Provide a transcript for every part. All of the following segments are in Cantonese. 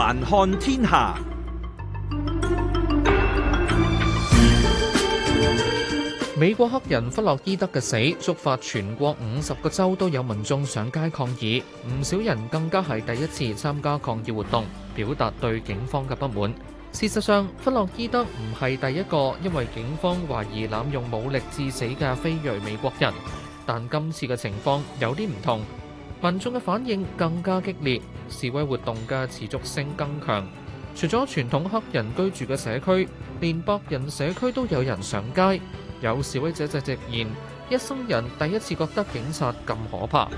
環看天下，美國黑人弗洛伊德嘅死，觸發全國五十個州都有民眾上街抗議，唔少人更加係第一次參加抗議活動，表達對警方嘅不滿。事實上，弗洛伊德唔係第一個因為警方懷疑濫用武力致死嘅非裔美國人，但今次嘅情況有啲唔同。民眾嘅反應更加激烈，示威活動嘅持續性更強。除咗傳統黑人居住嘅社區，連白人社區都有人上街。有示威者就直言：一生人第一次覺得警察咁可怕。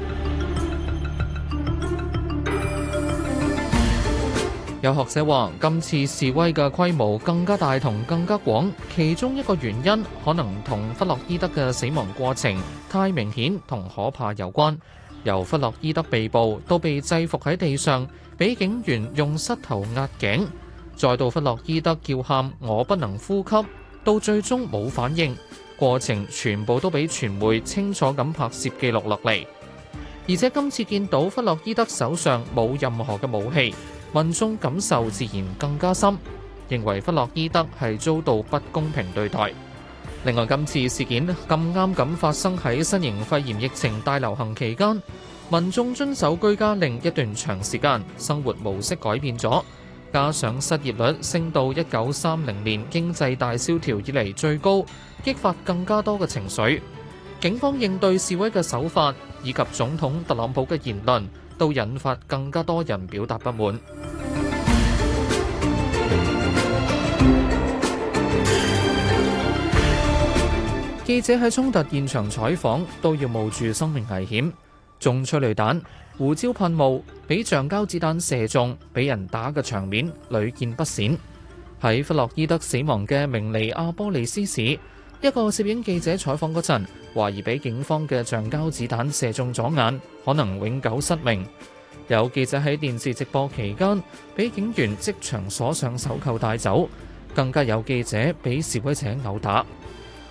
有學者話，今次示威嘅規模更加大同更加廣，其中一個原因可能同弗洛伊德嘅死亡過程太明顯同可怕有關。由弗洛伊德被捕，到被制服喺地上，俾警員用膝頭壓頸，再到弗洛伊德叫喊我不能呼吸，到最終冇反應，過程全部都俾傳媒清楚咁拍攝記錄落嚟。而且今次見到弗洛伊德手上冇任何嘅武器，民眾感受自然更加深，認為弗洛伊德係遭到不公平對待。另外，今次事件咁啱咁發生喺新型肺炎疫情大流行期間，民眾遵守居家令一段長時間，生活模式改變咗，加上失業率升到一九三零年經濟大蕭條以嚟最高，激發更加多嘅情緒。警方應對示威嘅手法，以及總統特朗普嘅言論，都引發更加多人表達不滿。記者喺衝突現場採訪都要冒住生命危險，中催淚彈、胡椒噴霧、俾橡膠子彈射中、俾人打嘅場面屢見不鮮。喺弗洛伊德死亡嘅明尼阿波利斯市，一個攝影記者採訪嗰陣，懷疑俾警方嘅橡膠子彈射中咗眼，可能永久失明。有記者喺電視直播期間俾警員即場鎖上手銬帶走，更加有記者俾示威者毆打。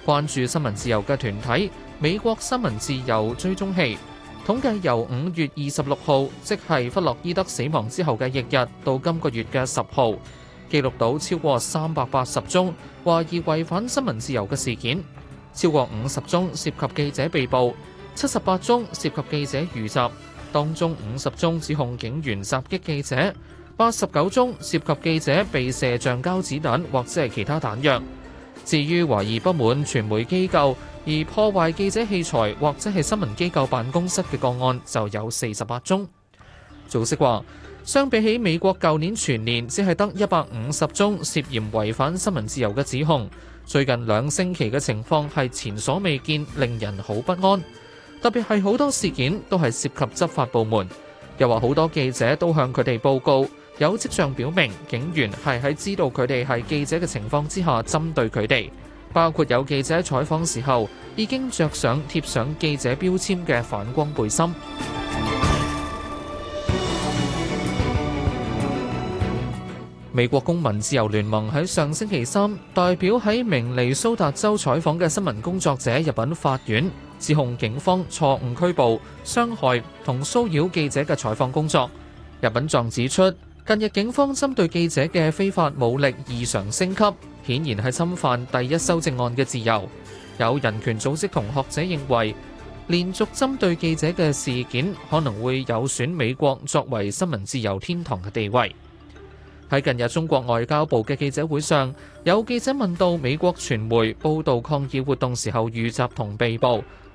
關注新聞自由嘅團體美國新聞自由追蹤器統計，由五月二十六號，即係弗洛伊德死亡之後嘅翌日，到今個月嘅十號，記錄到超過三百八十宗懷疑違反新聞自由嘅事件，超過五十宗涉及記者被捕，七十八宗涉及記者遇襲，當中五十宗指控警員襲擊記者，八十九宗涉及記者被射橡膠子彈或者係其他彈藥。至於懷疑不滿傳媒機構而破壞記者器材或者係新聞機構辦公室嘅個案，就有四十八宗。組織話，相比起美國舊年全年只係得一百五十宗涉嫌違反新聞自由嘅指控，最近兩星期嘅情況係前所未見，令人好不安。特別係好多事件都係涉及執法部門，又話好多記者都向佢哋報告。有跡象表明，警員係喺知道佢哋係記者嘅情況之下針對佢哋，包括有記者採訪時候已經著上貼上記者標籤嘅反光背心。美國公民自由聯盟喺上星期三代表喺明尼蘇達州採訪嘅新聞工作者入禀法院，指控警方錯誤拘捕、傷害同騷擾記者嘅採訪工作。入禀狀指出。近日警方針對記者嘅非法武力異常升級，顯然係侵犯第一修正案嘅自由。有人權組織同學者認為，連續針對記者嘅事件可能會有損美國作為新聞自由天堂嘅地位。喺近日中國外交部嘅記者會上，有記者問到美國傳媒報導抗議活動時候遇襲同被捕。